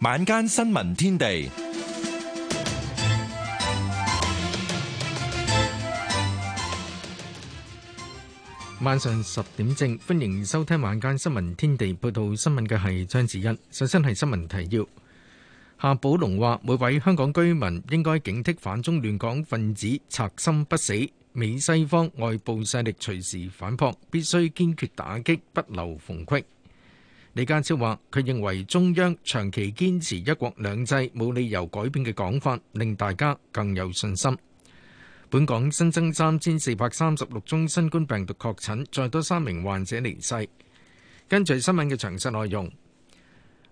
晚間新聞天地，晚上十點正，歡迎收聽晚間新聞天地。報道新聞嘅係張子欣，首先係新聞提要。夏寶龍話：每位香港居民應該警惕反中亂港分子賊心不死，美西方外部勢力隨時反撲，必須堅決打擊，不留縫隙。李家超話，佢認為中央長期堅持一國兩制冇理由改變嘅講法，令大家更有信心。本港新增三千四百三十六宗新冠病毒確診，再多三名患者離世。跟住新聞嘅詳細內容，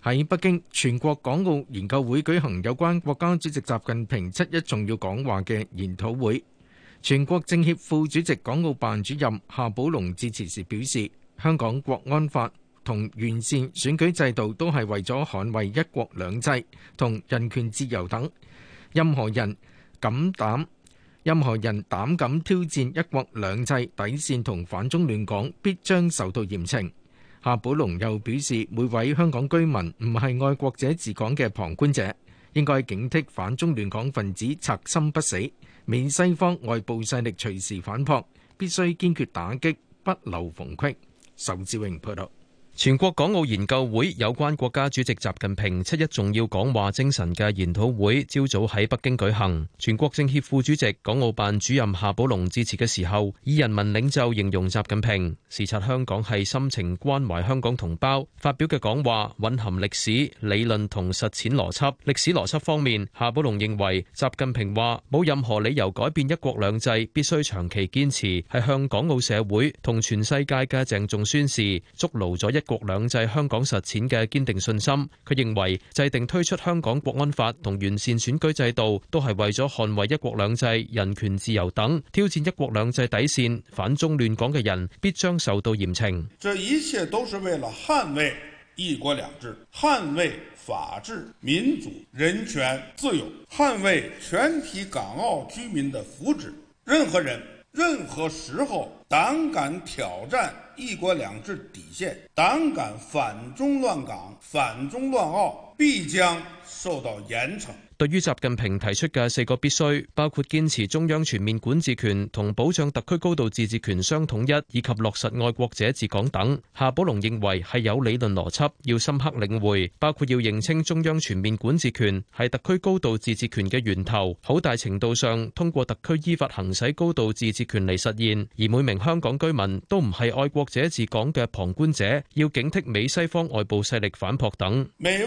喺北京全國港澳研究會舉行有關國家主席習近平七一重要講話嘅研討會，全國政協副主席港澳辦主任夏寶龍致辭時表示：香港國安法，同完善選舉制度都係為咗捍衞一國兩制同人權自由等。任何人敢膽，任何人膽敢挑戰一國兩制底線同反中亂港，必將受到嚴懲。夏寶龍又表示，每位香港居民唔係愛國者治港嘅旁觀者，應該警惕反中亂港分子賊心不死，美西方外部勢力隨時反撲，必須堅決打擊，不留縫隙。仇志榮報道。全國港澳研究會，有關國家主席習近平七一重要講話精神嘅研討會，朝早喺北京舉行。全國政協副主席、港澳辦主任夏寶龍致辭嘅時候，以人民領袖形容習近平，視察香港係深情關懷香港同胞。發表嘅講話蘊含歷史、理論同實踐邏輯。歷史邏輯方面，夏寶龍認為習近平話冇任何理由改變一國兩制，必須長期堅持，係向港澳社會同全世界嘅鄭重宣示，捉牢咗一。國兩制，香港實踐嘅堅定信心。佢認為制定推出香港國安法同完善選舉制度，都係為咗捍衛一國兩制、人權自由等，挑戰一國兩制底線、反中亂港嘅人，必將受到嚴懲。這一切都是為了捍衛一國兩制，捍衛法治、民主、人權自由，捍衛全體港澳居民的福祉。任何人、任何時候膽敢挑戰。一國兩制底線，膽敢反中亂港、反中亂澳。必將受到嚴懲。對於習近平提出嘅四個必須，包括堅持中央全面管治權同保障特區高度自治權相統一，以及落實愛國者治港等，夏寶龍認為係有理論邏輯，要深刻領會，包括要認清中央全面管治權係特區高度自治權嘅源頭，好大程度上通過特區依法行使高度自治權嚟實現，而每名香港居民都唔係愛國者治港嘅旁觀者，要警惕美西方外部勢力反撲等。未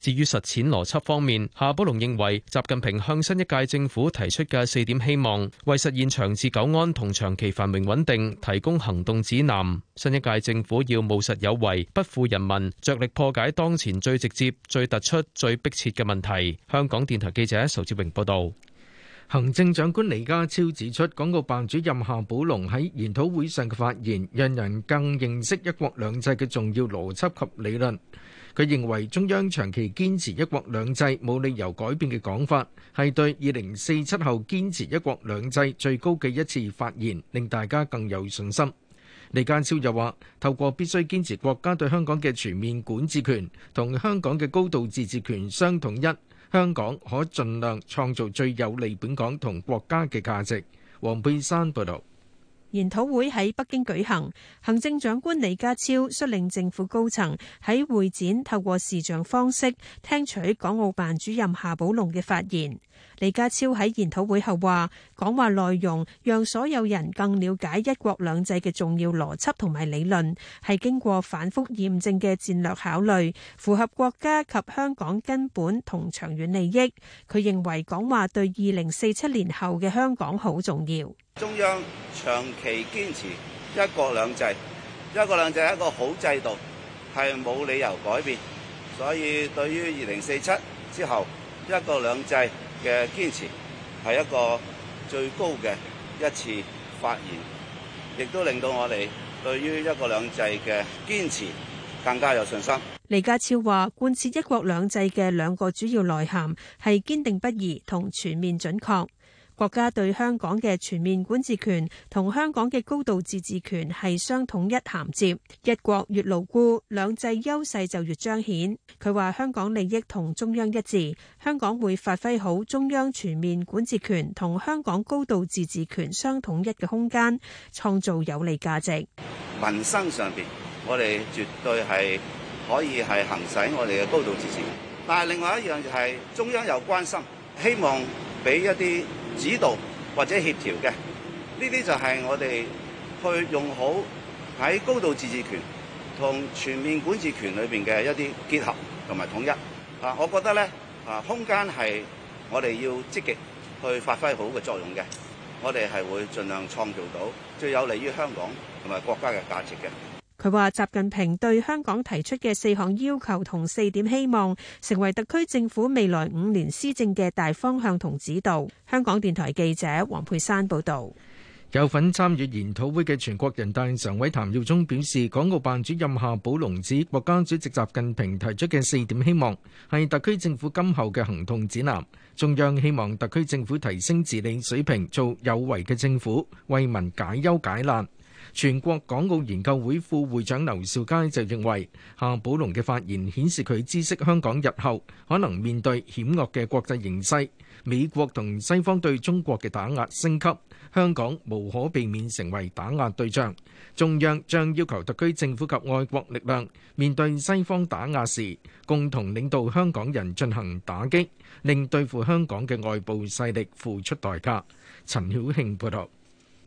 至於實踐邏輯方面，夏寶龍認為習近平向新一屆政府提出嘅四點希望，為實現長治久安同長期繁榮穩定提供行動指南。新一屆政府要務實有為，不負人民，着力破解當前最直接、最突出、最迫切嘅問題。香港電台記者仇志榮報導。行政長官李家超指出，港澳辦主任夏寶龍喺研討會上嘅發言，讓人更認識一國兩制嘅重要邏輯及理論。佢認為中央長期堅持一國兩制冇理由改變嘅講法，係對二零四七後堅持一國兩制最高嘅一次發言，令大家更有信心。李家超又話，透過必須堅持國家對香港嘅全面管治權同香港嘅高度自治權相統一，香港可盡量創造最有利本港同國家嘅價值。黃佩珊報道。研討會喺北京舉行，行政長官李家超率領政府高層喺會展透過視像方式聽取港澳辦主任夏寶龍嘅發言。李家超喺研討會後話，講話內容讓所有人更了解一國兩制嘅重要邏輯同埋理論，係經過反覆驗證嘅戰略考慮，符合國家及香港根本同長遠利益。佢認為講話對二零四七年後嘅香港好重要。中央長期堅持一國兩制，一國兩制係一個好制度，係冇理由改變。所以對於二零四七之後一國兩制。嘅堅持係一個最高嘅一次發現，亦都令到我哋對於一國兩制嘅堅持更加有信心。李家超話：貫徹一國兩制嘅兩個主要內涵係堅定不移同全面準確。國家對香港嘅全面管治權同香港嘅高度自治權係相統一銜接，一國越牢固，兩制優勢就越彰顯。佢話：香港利益同中央一致，香港會發揮好中央全面管治權同香港高度自治權相統一嘅空間，創造有利價值。民生上邊，我哋絕對係可以係行使我哋嘅高度自治權，但係另外一樣就係中央又關心，希望俾一啲指導或者協調嘅，呢啲就係我哋去用好喺高度自治權同全面管治權裏面嘅一啲結合同埋統一。啊，我覺得呢，啊空間係我哋要積極去發揮好嘅作用嘅，我哋係會盡量創造到最有利於香港同埋國家嘅價值嘅。佢話：習近平對香港提出嘅四項要求同四點希望，成為特區政府未來五年施政嘅大方向同指導。香港電台記者黃佩珊報道。有份參與研討會嘅全國人大常委譚耀宗表示，港澳辦主任夏寶龍指，國家主席習近平提出嘅四點希望係特區政府今後嘅行動指南。中央希望特區政府提升治理水平，做有為嘅政府，為民解憂解難。全國港澳研究會副會長劉兆佳就認為，夏寶龍嘅發言顯示佢知識香港日後可能面對險惡嘅國際形勢，美國同西方對中國嘅打壓升級，香港無可避免成為打壓對象。中央將要求特區政府及外國力量面對西方打壓時，共同領導香港人進行打擊，令對付香港嘅外部勢力付出代價。陳曉慶報導。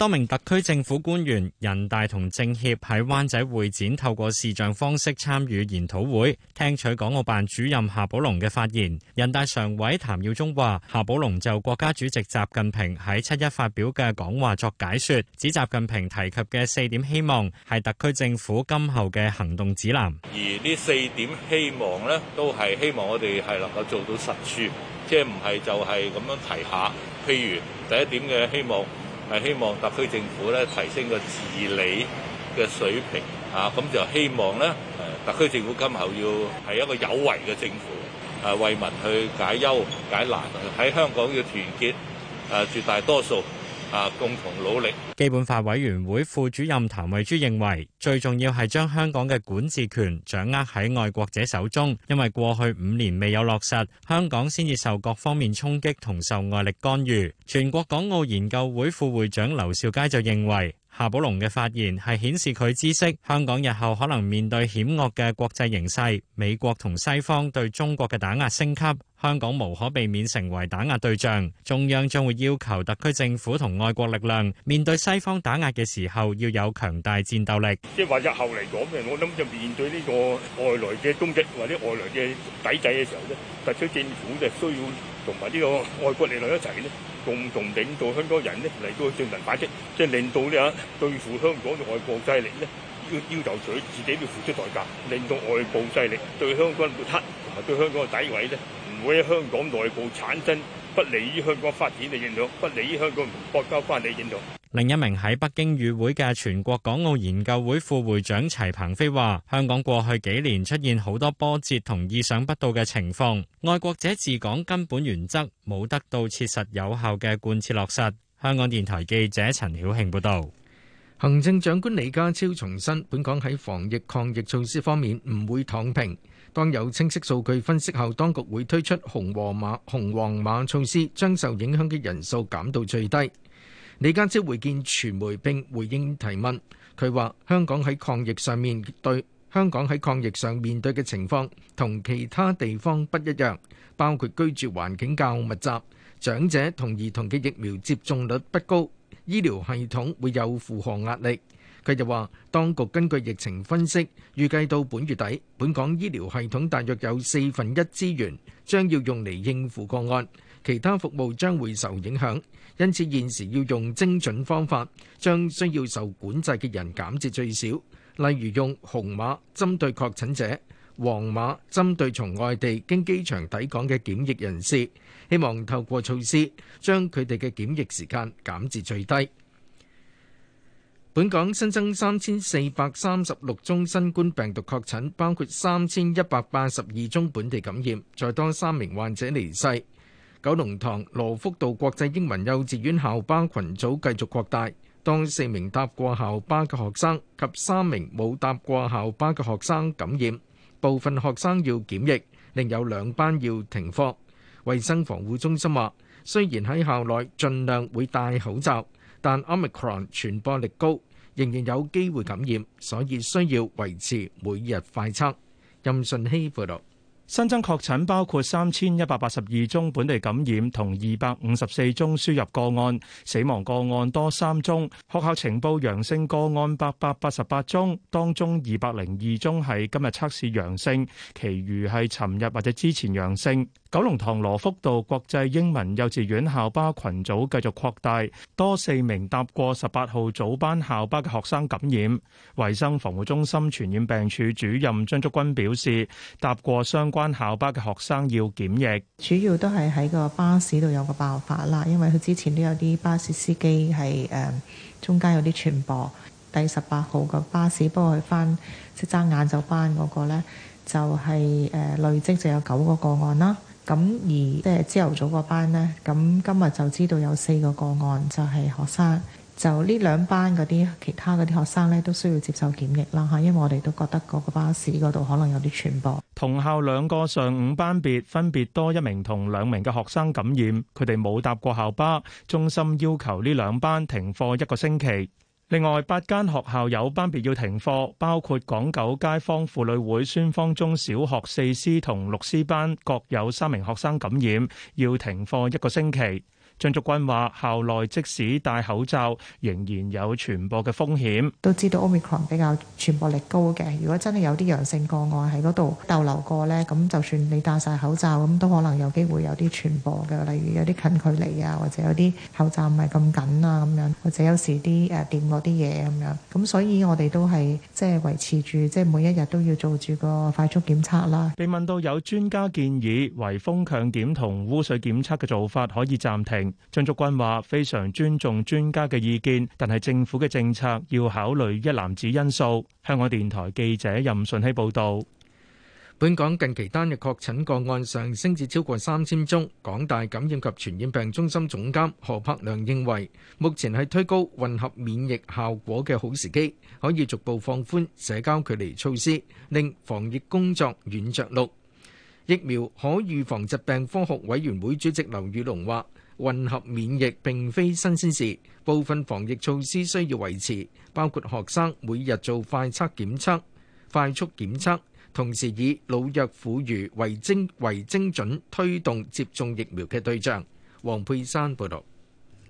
多名特區政府官員、人大同政協喺灣仔會展透過視像方式參與研討會，聽取港澳辦主任夏寶龍嘅發言。人大常委譚耀宗話夏寶龍就國家主席習近平喺七一發表嘅講話作解說，指習近平提及嘅四點希望係特區政府今後嘅行動指南。而呢四點希望咧，都係希望我哋係能夠做到實處，即係唔係就係咁樣提下。譬如第一點嘅希望。係希望特區政府咧提升，個治理嘅水平，啊，咁就希望咧，誒、啊、特區政府今後要係一個有為嘅政府，誒、啊、為民去解憂解難，喺香港要團結誒、啊、絕大多數。啊！共同努力。基本法委員會副主任譚惠珠認為，最重要係將香港嘅管治權掌握喺愛國者手中，因為過去五年未有落實，香港先至受各方面衝擊同受外力干預。全國港澳研究會副會長劉少佳就認為。夏寶龍嘅發言係顯示佢知悉香港日後可能面對險惡嘅國際形勢，美國同西方對中國嘅打壓升級，香港無可避免成為打壓對象。中央將會要求特區政府同愛國力量面對西方打壓嘅時候，要有強大戰鬥力。即係話日後嚟講嘅，我諗就面對呢個外來嘅攻擊或者外來嘅抵制嘅時候咧，特區政府就需要。同埋呢個外國力量一齊咧，共同領導香港人咧嚟到進行反擊，即係令到呢個對付香港嘅外部勢力咧，要要求佢自己要付出代價，令到外部勢力對香港抹黑同埋對香港嘅詆毀咧，唔會喺香港內部產生不利於香港發展嘅影響，不利於香港同國家關係嘅影響。另一名喺北京與會嘅全國港澳研究會副會長齊鵬飛話，香港過去幾年出現好多波折同意想不到嘅情況，愛國者治港根本原則冇得到切實有效嘅貫徹落實，香港電台記者陳曉慶報道。行政長官李家超重申，本港喺防疫抗疫措施方面唔會躺平。當有清晰數據分析後，當局會推出紅黃碼、紅黃碼措施，將受影響嘅人數減到最低。李家超會見傳媒並回應提問，佢話香港喺抗疫上面對香港喺抗疫上面對嘅情況同其他地方不一樣，包括居住環境較密集、長者同兒童嘅疫苗接種率不高、醫療系統會有負荷壓力。佢又話，當局根據疫情分析，預計到本月底，本港醫療系統大約有四分一資源將要用嚟應付個案。其他服務將會受影響，因此現時要用精準方法，將需要受管制嘅人減至最少。例如用紅碼針對確診者，黃碼針對從外地經機場抵港嘅檢疫人士。希望透過措施將佢哋嘅檢疫時間減至最低。本港新增三千四百三十六宗新冠病毒確診，包括三千一百八十二宗本地感染，再多三名患者離世。九龍塘羅福道國際英文幼稚園校巴群組繼續擴大，當四名搭過校巴嘅學生及三名冇搭過校巴嘅學生感染，部分學生要檢疫，另有兩班要停課。衛生防護中心話，雖然喺校內盡量會戴口罩，但 omicron 傳播力高，仍然有機會感染，所以需要維持每日快測。任順熙報道。新增確診包括三千一百八十二宗本地感染同二百五十四宗輸入個案，死亡個案多三宗。學校呈報陽性個案八百八十八宗，當中二百零二宗係今日測試陽性，其餘係尋日或者之前陽性。九龍塘羅福道國際英文幼稚園校巴群組繼續擴大，多四名搭過十八號早班校巴嘅學生感染。衛生防護中心傳染病處主任張竹君表示，搭過相關校巴嘅學生要檢疫。主要都係喺個巴士度有個爆發啦，因為佢之前都有啲巴士司機係誒中間有啲傳播。第十八號個巴士幫佢翻即係爭眼就班嗰、那個呢，就係、是、誒累積就有九個個案啦。咁而即係朝頭早個班呢，咁今日就知道有四個個案，就係學生就呢兩班嗰啲其他嗰啲學生呢，都需要接受檢疫啦嚇，因為我哋都覺得嗰個巴士嗰度可能有啲傳播。同校兩個上午班別分別多一名同兩名嘅學生感染，佢哋冇搭過校巴，中心要求呢兩班停課一個星期。另外，八間學校有班別要停課，包括港九街坊婦女會孫方中小學四師同六師班各有三名學生感染，要停課一個星期。張竹君話：校內即使戴口罩，仍然有傳播嘅風險。都知道 Omicron 比較傳播力高嘅，如果真係有啲陽性個案喺嗰度逗留過咧，咁就算你戴晒口罩，咁都可能有機會有啲傳播嘅。例如有啲近距離啊，或者有啲口罩唔係咁緊啊咁樣，或者有時啲誒掂嗰啲嘢咁樣。咁所以我哋都係即係維持住，即係每一日都要做住個快速檢測啦。被問到有專家建議圍封強檢同污水檢測嘅做法可以暫停。張竹君話：非常尊重專家嘅意見，但係政府嘅政策要考慮一籃子因素。香港電台記者任順熙報道，本港近期單日確診個案上升至超過三千宗。港大感染及傳染病中心總監何柏良認為，目前係推高混合免疫效果嘅好時機，可以逐步放寬社交距離措施，令防疫工作軟著陸。疫苗可預防疾病科學委員會主席劉宇龍話。混合免疫並非新鮮事，部分防疫措施需要維持，包括學生每日做快測檢測快速檢測，同時以老弱婦孺為精為精準推動接種疫苗嘅對象。黃佩珊報道。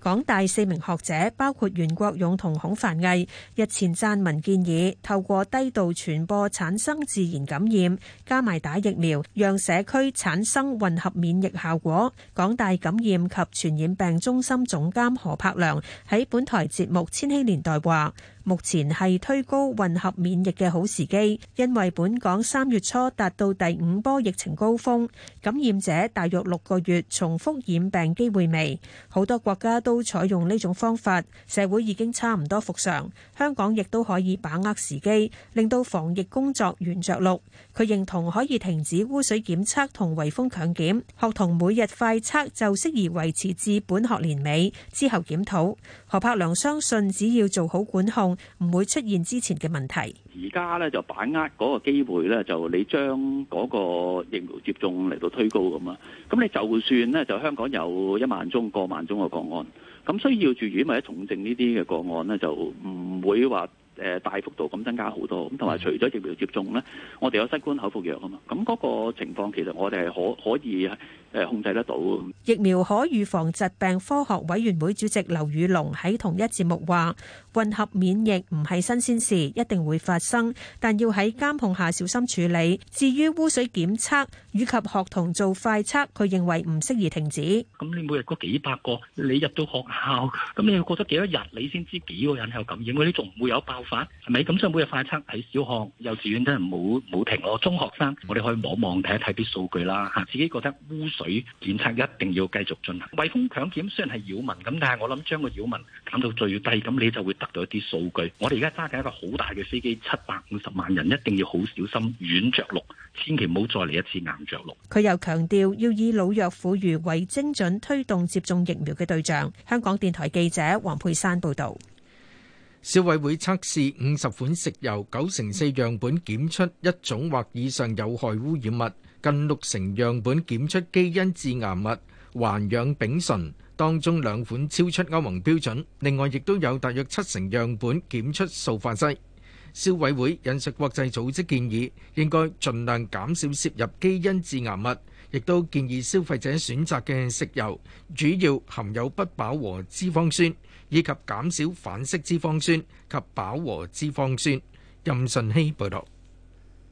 港大四名學者，包括袁國勇同孔凡毅，日前撰文建議透過低度傳播產生自然感染，加埋打疫苗，讓社區產生混合免疫效果。港大感染及傳染病中心總監何柏良喺本台節目《千禧年代》話。目前係推高混合免疫嘅好時機，因為本港三月初達到第五波疫情高峰，感染者大約六個月重複染病機會微。好多國家都採用呢種方法，社會已經差唔多復常，香港亦都可以把握時機，令到防疫工作軟着陸。佢認同可以停止污水檢測同圍封強檢，學童每日快測就適宜維持至本學年尾之後檢討。何柏良相信只要做好管控，唔會出現之前嘅問題，而家咧就把握嗰個機會咧，就你將嗰個疫苗接種嚟到推高咁啊，咁你就算咧就香港有一萬宗、過萬宗嘅個案，咁需要住院或者重症呢啲嘅個案咧，就唔會話。誒大幅度咁增加好多，咁同埋除咗疫苗接種咧，我哋有新冠口服藥啊嘛，咁嗰個情況，其實我哋係可可以誒控制得到。疫苗可預防疾病科學委員會主席劉宇龍喺同一節目話，混合免疫唔係新鮮事，一定會發生，但要喺監控下小心處理。至於污水檢測以及學童做快測，佢認為唔適宜停止。咁你每日嗰幾百個，你入到學校，咁你要過多幾多日你先知幾個人有感染？嗰啲仲唔會有百？法係咪咁，所以每日快測喺小學、幼稚園真係冇冇停咯。中學生我哋可以望望睇一睇啲數據啦嚇，自己覺得污水檢測一定要繼續進行。圍封強檢雖然係擾民咁，但係我諗將個擾民減到最低，咁你就會得到一啲數據。我哋而家揸緊一個好大嘅飛機，七百五十萬人一定要好小心軟着陸，千祈唔好再嚟一次硬着陸。佢又強調要以老弱婦孺為精準推動接種疫苗嘅對象。香港電台記者黃佩珊報導。消委會測試五十款食油，九成四樣本檢出一種或以上有害污染物，近六成樣本檢出基因致癌物環氧丙醇，當中兩款超出歐盟標準。另外，亦都有大約七成樣本檢出塑化劑。消委會引述國際組織建議，應該盡量減少攝入基因致癌物，亦都建議消費者選擇嘅食油主要含有不飽和脂肪酸。以及減少反式脂肪酸及飽和脂肪酸。任順希報道。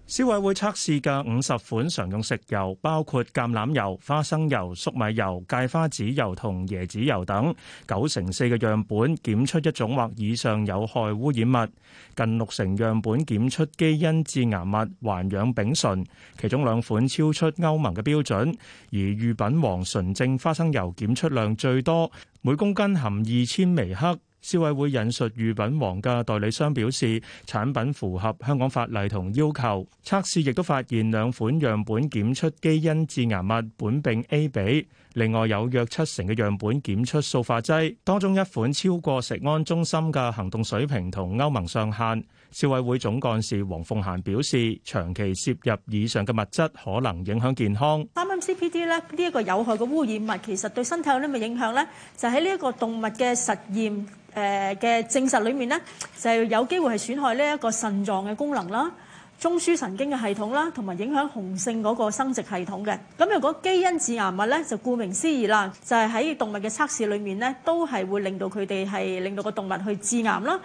消委會測試嘅五十款常用食油，包括橄欖油、花生油、粟米油、芥花籽油同椰子油等，九成四嘅樣本檢出一種或以上有害污染物，近六成樣本檢出基因致癌物環氧丙醇，其中兩款超出歐盟嘅標準。而御品皇純正花生油檢出量最多，每公斤含二千微克。消委會引述御品王嘅代理商表示，產品符合香港法例同要求。測試亦都發現兩款樣本檢出基因致癌物苯並 A 芘，另外有約七成嘅樣本檢出塑化劑，當中一款超過食安中心嘅行動水平同歐盟上限。消委會總幹事黃鳳嫻表示，長期攝入以上嘅物質可能影響健康。三 MCPD 咧，呢一個有害嘅污染物其實對身體有啲咩影響咧？就喺呢一個動物嘅實驗。誒嘅證實裏面咧，就係有機會係損害呢一個腎臟嘅功能啦、中樞神經嘅系統啦，同埋影響雄性嗰個生殖系統嘅。咁如果基因致癌物咧，就顧名思義啦，就係喺動物嘅測試裏面咧，都係會令到佢哋係令到個動物去致癌啦。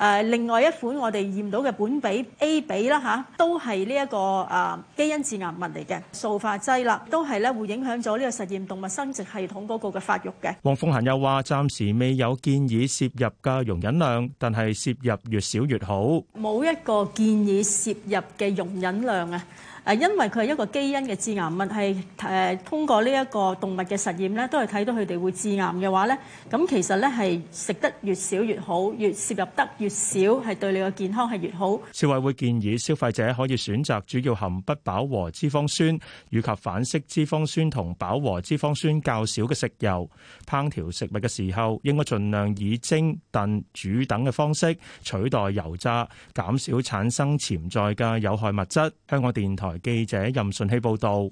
誒另外一款我哋驗到嘅本比 A 比啦嚇，都係呢一個啊基因致癌物嚟嘅塑化劑啦，都係咧會影響咗呢個實驗動物生殖系統嗰個嘅發育嘅。黃鳳賢又話：暫時未有建議攝入嘅容忍量，但係攝入越少越好。冇一個建議攝入嘅容忍量啊！誒，因為佢係一個基因嘅致癌物，係誒通過呢一個動物嘅實驗咧，都係睇到佢哋會致癌嘅話咧，咁其實咧係食得越少越好，越攝入得越少係對你嘅健康係越好。消委會建議消費者可以選擇主要含不飽和脂肪酸以及反式脂肪酸同飽和脂肪酸較少嘅食油，烹調食物嘅時候應該盡量以蒸、燉、煮等嘅方式取代油炸，減少產生潛在嘅有害物質，香港電台。台記者任純希報道，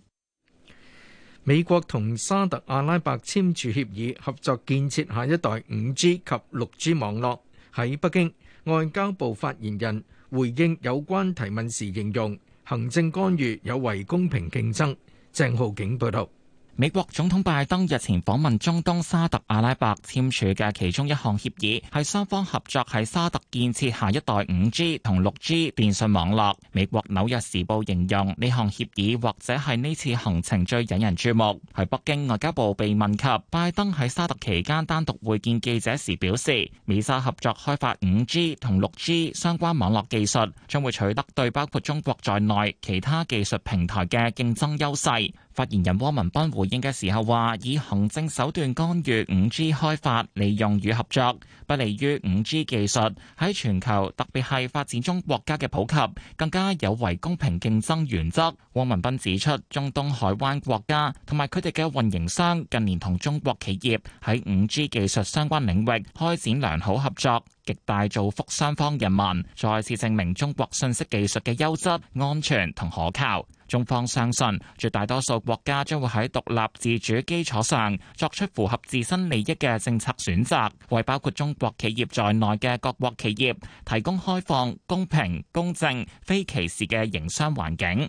美國同沙特阿拉伯簽署協議，合作建設下一代 5G 及 6G 網絡。喺北京，外交部發言人回應有關提問時形容，行政干預有違公平競爭。鄭浩景報道。美國總統拜登日前訪問中東沙特阿拉伯，簽署嘅其中一項協議係雙方合作喺沙特建設下一代五 G 同六 G 電信網絡。美國《紐約時報》形容呢項協議或者係呢次行程最引人注目。喺北京，外交部被問及拜登喺沙特期間單獨會見記者時表示，美沙合作開發五 G 同六 G 相關網絡技術，將會取得對包括中國在內其他技術平台嘅競爭優勢。發言人汪文斌回應嘅時候話，以行政手段干預五 G 開發、利用與合作，不利於五 G 技術喺全球，特別係發展中國家嘅普及，更加有違公平競爭原則。汪文斌指出，中東海灣國家同埋佢哋嘅運營商近年同中國企業喺五 G 技術相關領域開展良好合作，極大造福雙方人民，再次證明中國信息技術嘅優質、安全同可靠。中方相信，絕大多數國家將會喺獨立自主基礎上作出符合自身利益嘅政策選擇，為包括中國企業在內嘅各國企業提供開放、公平、公正、非歧視嘅營商環境。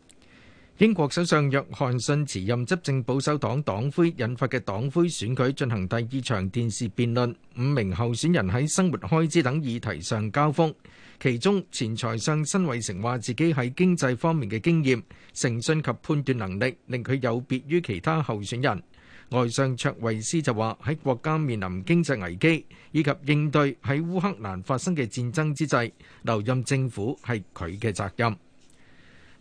英國首相約翰遜辭任執政保守黨黨魁，引發嘅黨魁選舉進行第二場電視辯論。五名候選人喺生活開支等議題上交鋒，其中前財相辛偉誠話自己喺經濟方面嘅經驗、誠信及判斷能力令佢有別於其他候選人。外相卓慧思就話喺國家面臨經濟危機以及應對喺烏克蘭發生嘅戰爭之際，留任政府係佢嘅責任。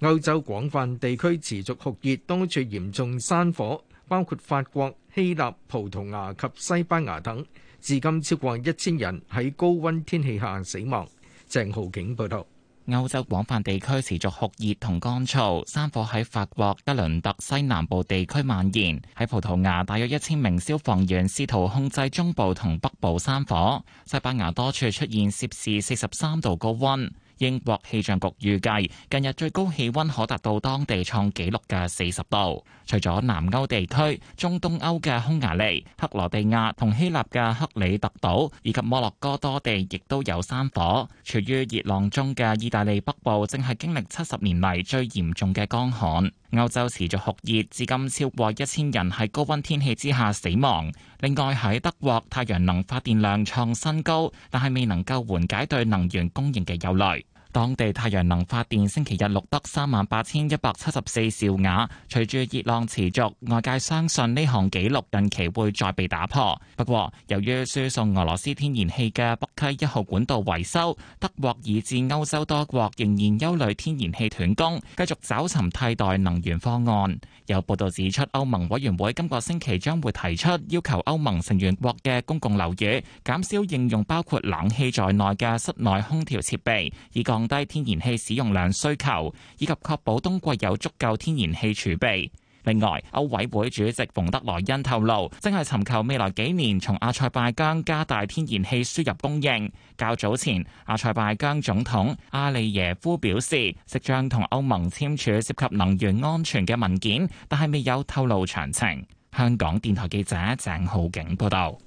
歐洲廣泛地區持續酷熱，多處嚴重山火，包括法國、希臘、葡萄牙及西班牙等。至今超過一千人喺高温天氣下死亡。鄭浩景報道：歐洲廣泛地區持續酷熱同乾燥，山火喺法國吉倫特西南部地區蔓延。喺葡萄牙，大約一千名消防員試圖控制中部同北部山火。西班牙多處出現攝氏四十三度高温。英國氣象局預計，近日最高氣温可達到當地創紀錄嘅四十度。除咗南歐地區、中東歐嘅匈牙利、克羅地亞同希臘嘅克里特島，以及摩洛哥多地，亦都有山火。處於熱浪中嘅意大利北部，正係經歷七十年嚟最嚴重嘅乾旱。歐洲持續酷熱，至今超過一千人喺高温天氣之下死亡。另外，喺德國，太陽能發電量創新高，但係未能夠緩解對能源供應嘅憂慮。當地太陽能發電星期日錄得三萬八千一百七十四兆瓦，隨住熱浪持續，外界相信呢項紀錄近期會再被打破。不過，由於輸送俄羅斯天然氣嘅北溪一號管道維修，德國以至歐洲多國仍然憂慮天然氣斷供，繼續找尋替代能源方案。有報道指出，歐盟委員會今個星期將會提出要求歐盟成員國嘅公共樓宇減少應用包括冷氣在內嘅室內空調設備，以降。降低天然氣使用量需求，以及確保冬季有足夠天然氣儲備。另外，歐委會主席馮德萊恩透露，正係尋求未來幾年從阿塞拜疆加大天然氣輸入供應。較早前，阿塞拜疆總統阿利耶夫表示，即將同歐盟簽署涉及能源安全嘅文件，但係未有透露詳情。香港電台記者鄭浩景報道。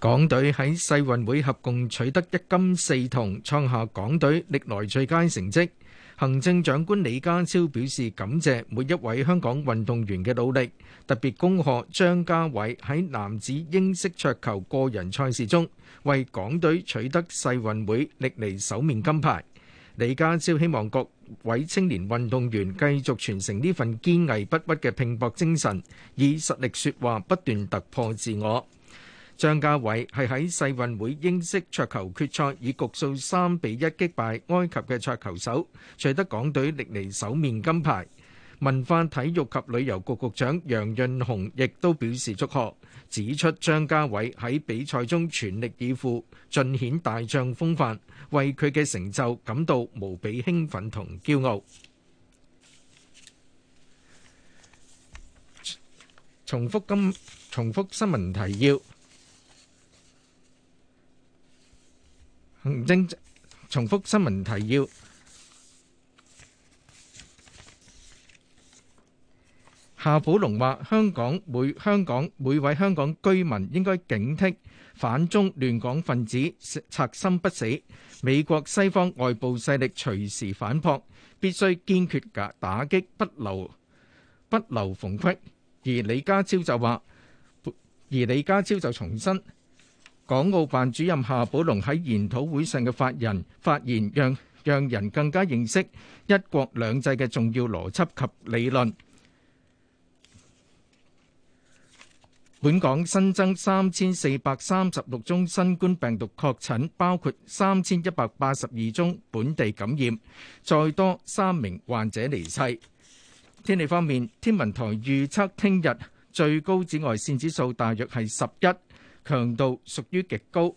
港隊喺世運會合共取得一金四銅，創下港隊歷來最佳成績。行政長官李家超表示感謝每一位香港運動員嘅努力，特別恭賀張家偉喺男子英式桌球個人賽事中為港隊取得世運會歷嚟首面金牌。李家超希望各位青年運動員繼續傳承呢份堅毅不屈嘅拼搏精神，以實力説話，不斷突破自我。張家瑋係喺世運會英式桌球決賽以局數三比一擊敗埃及嘅桌球手，取得港隊歷嚟首面金牌。文化體育及旅遊局局長楊潤雄亦都表示祝賀，指出張家瑋喺比賽中全力以赴，盡顯大將風範，為佢嘅成就感到無比興奮同驕傲。重複今重複新聞提要。行政重複新聞提要。夏寶龍話：香港每香港每位香港居民應該警惕反中亂港分子，賊心不死。美國西方外部勢力隨時反撲，必須堅決打打擊，不留不留縫隙。而李家超就話：而李家超就重申。港澳辦主任夏寶龍喺研討會上嘅發人發言，讓讓人更加認識一國兩制嘅重要邏輯及理論。本港新增三千四百三十六宗新冠病毒確診，包括三千一百八十二宗本地感染，再多三名患者離世。天氣方面，天文台預測聽日最高紫外線指數大約係十一。強度屬於極高，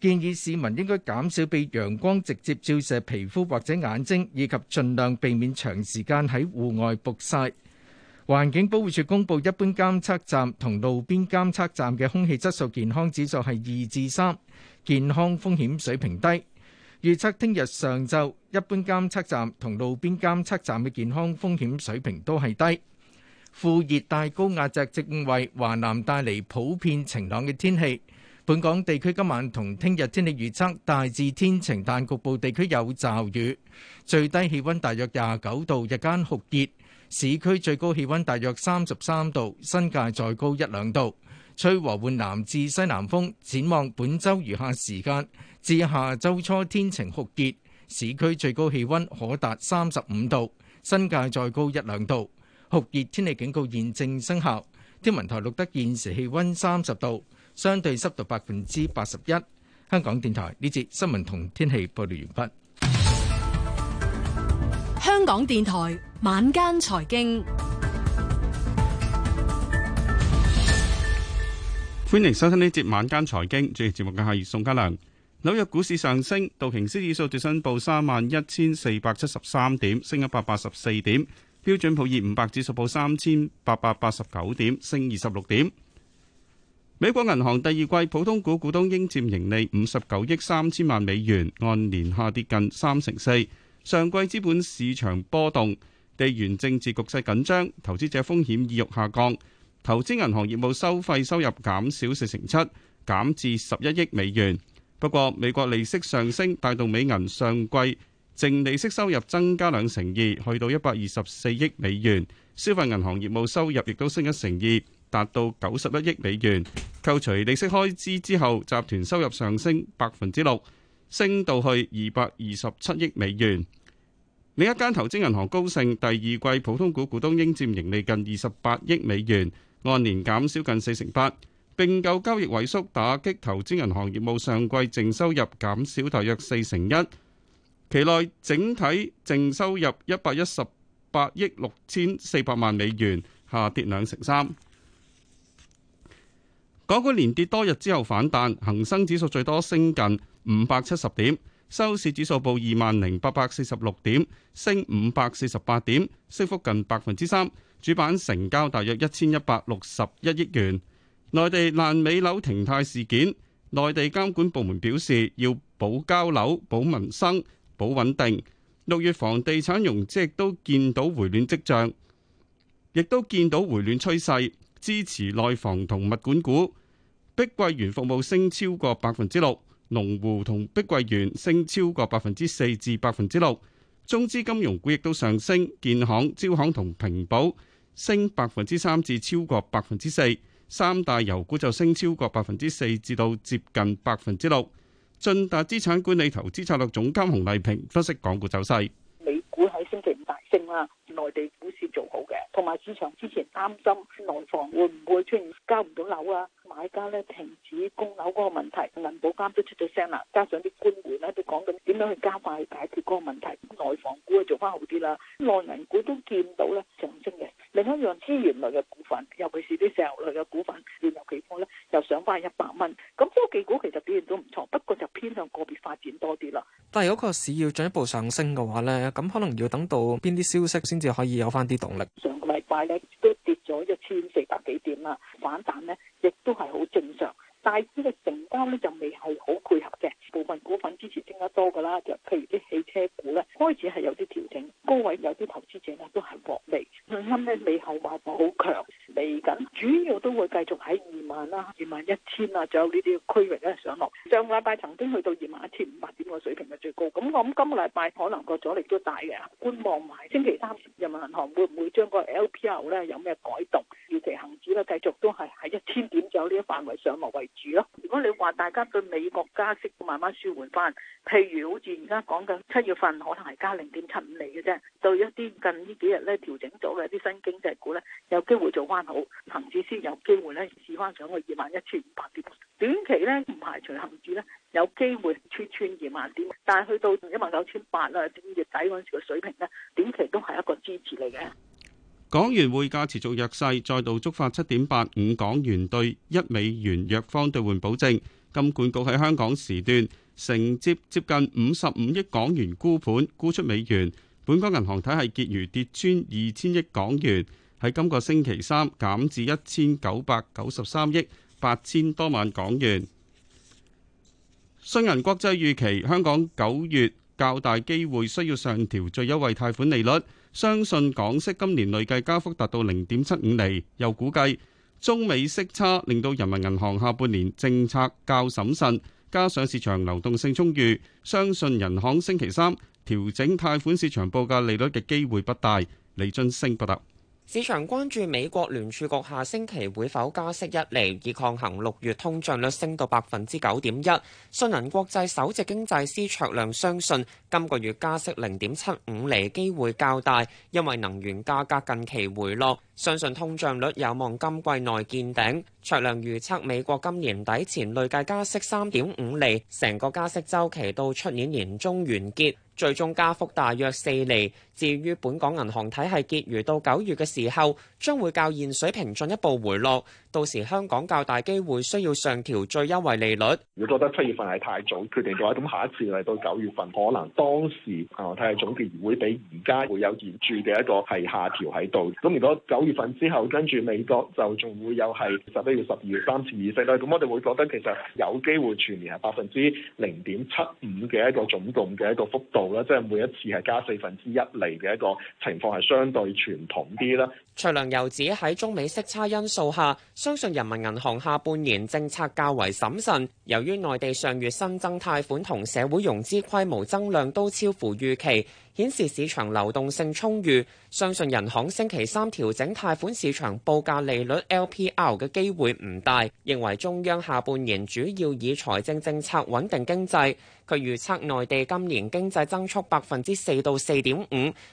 建議市民應該減少被陽光直接照射皮膚或者眼睛，以及盡量避免長時間喺戶外曝曬。環境保護署公布，一般監測站同路邊監測站嘅空氣質素健康指數係二至三，健康風險水平低。預測聽日上晝，一般監測站同路邊監測站嘅健康風險水平都係低。副熱帶高壓脊正為華南帶嚟普遍晴朗嘅天氣。本港地區今晚同聽日天氣預測大致天晴，但局部地區有驟雨。最低氣温大約廿九度，日間酷熱。市區最高氣温大約三十三度，新界再高一兩度。吹和緩南至西南風。展望本週餘下時間至下週初天晴酷熱，市區最高氣温可達三十五度，新界再高一兩度。酷熱天氣警告現正生效。天文台錄得現時氣温三十度，相對濕度百分之八十一。香港電台呢節新聞同天氣報道完畢。香港電台晚間財經，歡迎收聽呢節晚間財經。主持節目嘅係宋家良。紐約股市上升，道瓊斯指數最新報三萬一千四百七十三點，升一百八十四點。標準普爾五百指數報三千八百八十九點，升二十六點。美國銀行第二季普通股股東應佔盈利五十九億三千萬美元，按年下跌近三成四。上季資本市場波動，地緣政治局勢緊張，投資者風險意欲下降。投資銀行業務收費收入減少四成七，減至十一億美元。不過，美國利息上升帶動美銀上季。淨利息收入增加兩成二，去到一百二十四億美元。消費銀行業務收入亦都升一成二，達到九十一億美元。扣除利息開支之後，集團收入上升百分之六，升到去二百二十七億美元。另一間投資銀行高盛第二季普通股股東應佔盈利近二十八億美元，按年減少近四成八。並購交易萎縮，打擊投資銀行業務，上季淨收入減少大約四成一。期內整體淨收入一百一十八億六千四百萬美元，下跌兩成三。港股連跌多日之後反彈，恒生指數最多升近五百七十點，收市指數報二萬零八百四十六點，升五百四十八點，升幅近百分之三。主板成交大約一千一百六十一億元。內地爛尾樓停貸事件，內地監管部門表示要保交樓、保民生。保穩定，六月房地產融資亦都見到回暖跡象，亦都見到回暖趨勢，支持內房同物管股。碧桂園服務升超過百分之六，龍湖同碧桂園升超過百分之四至百分之六。中資金融股亦都上升，建行、招行同平保升百分之三至超過百分之四。三大油股就升超過百分之四至到接近百分之六。駿達資產管理投資策略總監洪麗萍分析港股走勢。美股喺星期五大升啦。內地股市做好嘅，同埋市場之前擔心內房會唔會出現交唔到樓啊，買家咧停止供樓嗰個問題，銀保監都出咗聲啦。加上啲官員咧都講緊點樣去加快解決嗰個問題，內房股啊做翻好啲啦。內銀股都見到咧上升嘅。另一樣資源類嘅股份，尤其是啲石油類嘅股份，原油期貨咧又上翻一百蚊。咁科技股其實表現都唔錯，不過就偏向個別發展多啲啦。但係如果嗰個市要進一步上升嘅話咧，咁可能要等到邊啲消息先至？又可以有返啲動力。上個禮拜咧都跌咗一千四百幾點啦，反彈咧亦都係好正常。大市嘅成交咧就未係好配合嘅，部分股份之前增加多噶啦，就譬如啲汽車股咧開始係有啲調整，高位有啲投資者咧都係獲利。信心咧未後話好強未緊，主要都會繼續喺二萬啦、二萬一千啊，仲有呢啲區域咧上落。上個禮拜曾經去到二萬一千五百點嘅水平係最高，咁我諗今個禮拜可能個阻力都大嘅。觀望埋星期三人民銀行會唔會將個 LPR 咧有咩改動？預期恒指咧繼續都係。一千點左右呢一範圍上落為主咯。如果你話大家對美國加息慢慢舒緩翻，譬如好似而家講緊七月份可能係加零點七五厘嘅啫，對一啲近呢幾日咧調整咗嘅啲新經濟股咧，有機會做翻好，恒指先有機會咧試翻上去二萬一千五百點。短期咧唔排除恒指咧有機會穿穿二萬點，但係去到一萬九千八啊月底嗰陣時嘅水平咧，短期都係一個支持嚟嘅。港元匯價持續弱勢，再度觸發七點八五港元兌一美元弱方兌換保證。金管局喺香港時段承接接近五十五億港元沽盤沽出美元。本港銀行體系結餘跌穿二千億港元，喺今個星期三減至一千九百九十三億八千多萬港元。信銀國際預期香港九月較大機會需要上調最優惠貸款利率。相信港息今年累計加幅達到零點七五厘，又估計中美息差令到人民銀行下半年政策較審慎，加上市場流動性充裕，相信人行星期三調整貸款市場報價利率嘅機會不大，李俊升報道。市場關注美國聯儲局下星期會否加息一厘，以抗衡六月通脹率升到百分之九點一。信銀國際首席經濟師卓亮相信，今個月加息零點七五厘機會較大，因為能源價格近期回落。相信通脹率有望今季內見頂。卓亮預測美國今年底前累計加息3.5釐，成個加息週期到出年年中完結，最終加幅大約四釐。至於本港銀行體系結餘到九月嘅時候，將會較現水平進一步回落。到時香港較大機會需要上調最優惠利率。如果覺得七月份係太早決定嘅話，咁下一次嚟到九月份，可能當時啊，銀行體系總結會比而家會有顯著嘅一個係下調喺度。咁如果九月份之後，跟住美國就仲會有係十一月、十二月三次加息咧。咁我哋會覺得其實有機會全年係百分之零點七五嘅一個總共嘅一個幅度啦。即係每一次係加四分之一嚟嘅一個情況係相對傳統啲啦。徐良又指喺中美息差因素下，相信人民銀行下半年政策較為審慎。由於內地上月新增貸款同社會融資規模增量都超乎預期，顯示市場流動性充裕，相信人行星期三調整貸款市場報價利率 LPR 嘅機會唔大，認為中央下半年主要以財政政策穩定經濟。佢預測內地今年經濟增速百分之四到四點五，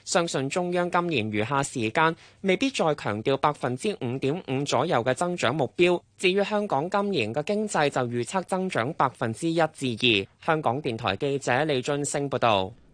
相信中央今年餘下時間未必再強調百分之五點五左右嘅增長目標。至於香港今年嘅經濟，就預測增長百分之一至二。香港電台記者李俊升報道。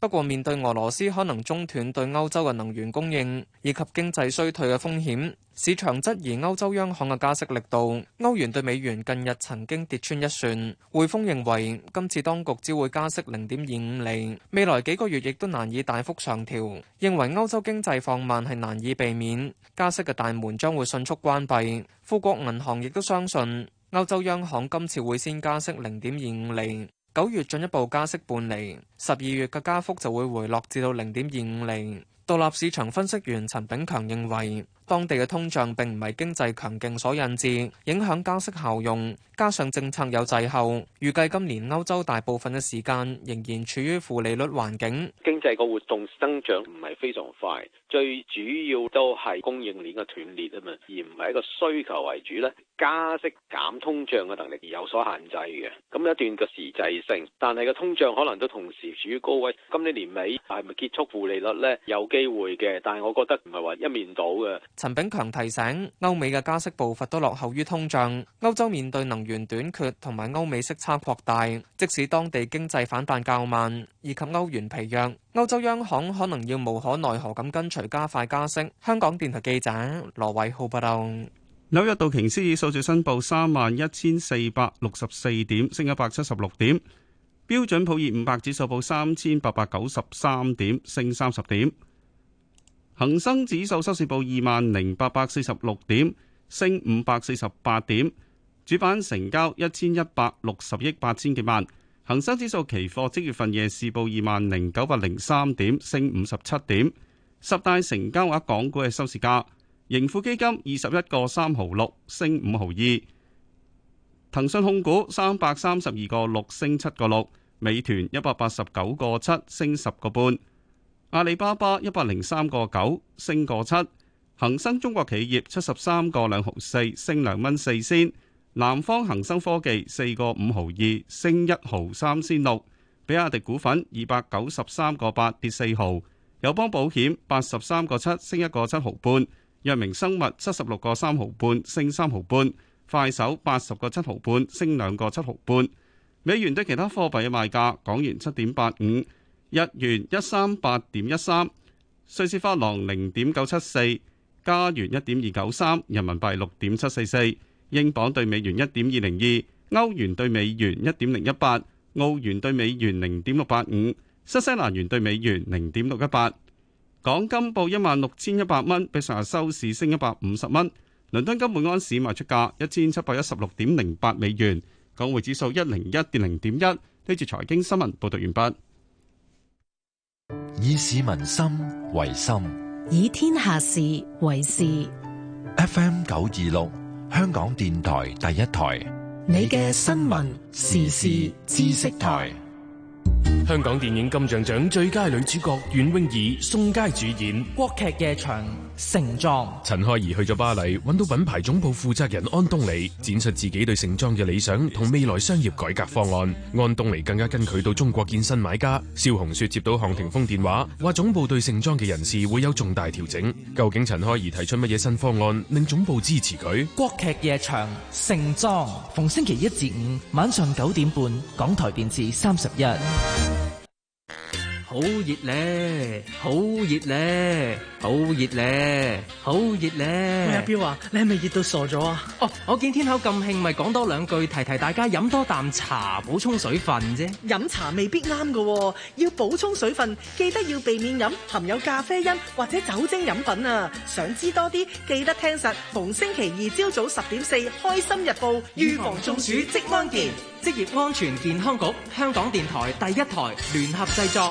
不過，面對俄羅斯可能中斷對歐洲嘅能源供應以及經濟衰退嘅風險，市場質疑歐洲央行嘅加息力度。歐元對美元近日曾經跌穿一算。匯豐認為今次當局只會加息零點二五厘，未來幾個月亦都難以大幅上調。認為歐洲經濟放慢係難以避免，加息嘅大門將會迅速關閉。富國銀行亦都相信歐洲央行今次會先加息零點二五厘。九月進一步加息半厘，十二月嘅加幅就會回落至到零點二五厘。獨立市場分析員陳炳強認為。當地嘅通脹並唔係經濟強勁所引致，影響加息效用。加上政策有滯後，預計今年歐洲大部分嘅時間仍然處於負利率環境。經濟個活動增長唔係非常快，最主要都係供應鏈嘅斷裂啊嘛，而唔係一個需求為主咧。加息減通脹嘅能力而有所限制嘅，咁一段嘅時滯性。但係個通脹可能都同時處於高位。今年年尾係咪結束負利率咧？有機會嘅，但係我覺得唔係話一面倒嘅。陳炳強提醒，歐美嘅加息步伐都落後於通脹。歐洲面對能源短缺同埋歐美息差擴大，即使當地經濟反彈較慢，以及歐元疲弱，歐洲央行可能要無可奈何咁跟隨加快加息。香港電台記者羅偉浩報道。紐約道瓊斯指數升報三萬一千四百六十四點，升一百七十六點。標準普爾五百指數報三千八百九十三點，升三十點。恒生指數收市報二萬零八百四十六點，升五百四十八點。主板成交一千一百六十億八千幾萬。恒生指數期貨即月份夜市報二萬零九百零三點，升五十七點。十大成交額港股嘅收市價，盈富基金二十一個三毫六，升五毫二。騰訊控股三百三十二個六，升七個六。美團一百八十九個七，升十個半。阿里巴巴一百零三個九升個七，恒生中國企業七十三個兩毫四升兩蚊四仙，南方恒生科技四個五毫二升一毫三仙六，比亞迪股份二百九十三個八跌四毫，友邦保險八十三個七升一個七毫半，藥明生物七十六個三毫半升三毫半，快手八十個七毫半升兩個七毫半，美元兌其他貨幣嘅賣價，港元七點八五。日元一三八點一三，瑞士法郎零點九七四，加元一點二九三，人民幣六點七四四，英鎊兌美元一點二零二，歐元兌美元一點零一八，澳元兌美元零點六八五，新西蘭元兌美元零點六一八。港金報一萬六千一百蚊，比上日收市升一百五十蚊。倫敦金每安士賣出價一千七百一十六點零八美元，港匯指數一零一跌零點一。呢段財經新聞報道完畢。以市民心為心，以天下事為事。FM 九二六，香港電台第一台，你嘅新聞時事知識台。香港電影金像獎最佳女主角袁詠儀、宋佳主演《國劇夜場》。盛裝，陳開儀去咗巴黎，揾到品牌總部負責人安東尼，展示自己對盛裝嘅理想同未來商業改革方案。安東尼更加跟佢到中國見新買家。蕭紅雪接到項霆鋒電話，話總部對盛裝嘅人事會有重大調整。究竟陳開儀提出乜嘢新方案，令總部支持佢？國劇夜場，盛裝逢星期一至五晚上九點半，港台電視三十一。好熱咧！好熱咧！好熱咧！好熱咧！熱咧，阿彪啊，你係咪熱到傻咗啊？哦，我見天口咁興，咪講多兩句，提提大家飲多啖茶補充水分啫。飲茶未必啱㗎，要補充水分，記得要避免飲含有咖啡因或者酒精飲品啊。想知多啲，記得聽實逢星期二朝早十點四《開心日報》，預防中暑即安健。職業安全健康局、香港電台第一台聯合製作。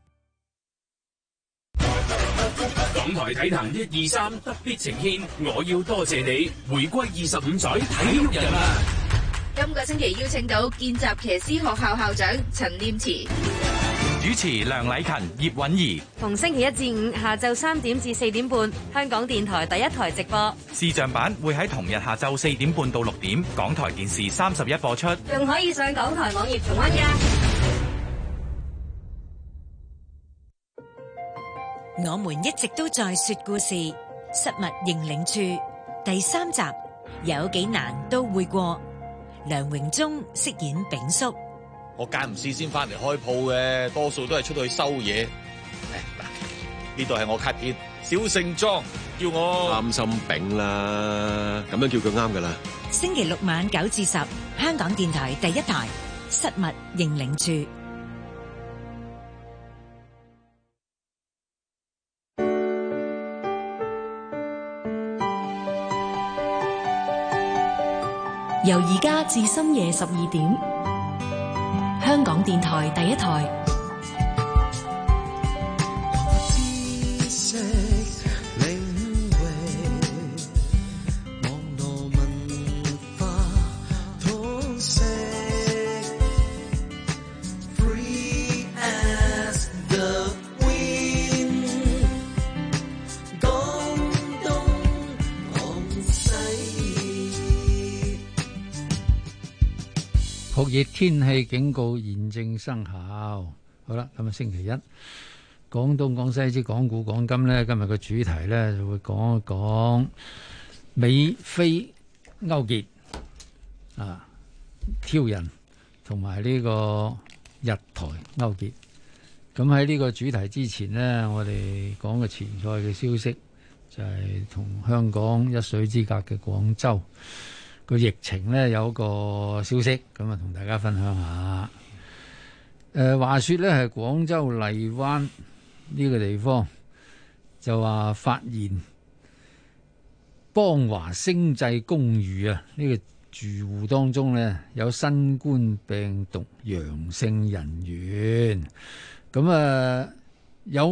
港台體壇一二三，不必呈牽，我要多謝你回歸二十五載體育人啊！今個星期邀請到見習騎師學校校長陳念慈，主持梁禮勤、葉允儀。逢星期一至五下晝三點至四點半，香港電台第一台直播。視像版會喺同日下晝四點半到六點，港台電視三十一播出。仲可以上港台網頁重溫呀！我們一直都在說故事，《失物認領處》第三集，有幾難都會過。梁榮忠飾演炳叔。我間唔時先翻嚟開鋪嘅多數都係出去收嘢。嗱，呢度係我卡片，小姓莊，叫我擔心炳啦，咁樣叫佢啱噶啦。星期六晚九至十，香港電台第一台，《失物認領處》。由而家至深夜十二點，香港電台第一台。天氣警告現正生效。好啦，今日星期一廣東、廣西之港股，講金咧，今日個主題呢，就會講一講美菲勾結啊、挑釁，同埋呢個日台勾結。咁喺呢個主題之前呢，我哋講個前菜嘅消息，就係、是、同香港一水之隔嘅廣州。個疫情呢，有個消息，咁啊同大家分享下。誒、呃、話說呢，係廣州荔灣呢個地方就話發現邦華星際公寓啊呢、這個住戶當中呢，有新冠病毒陽性人員咁啊、嗯呃、有。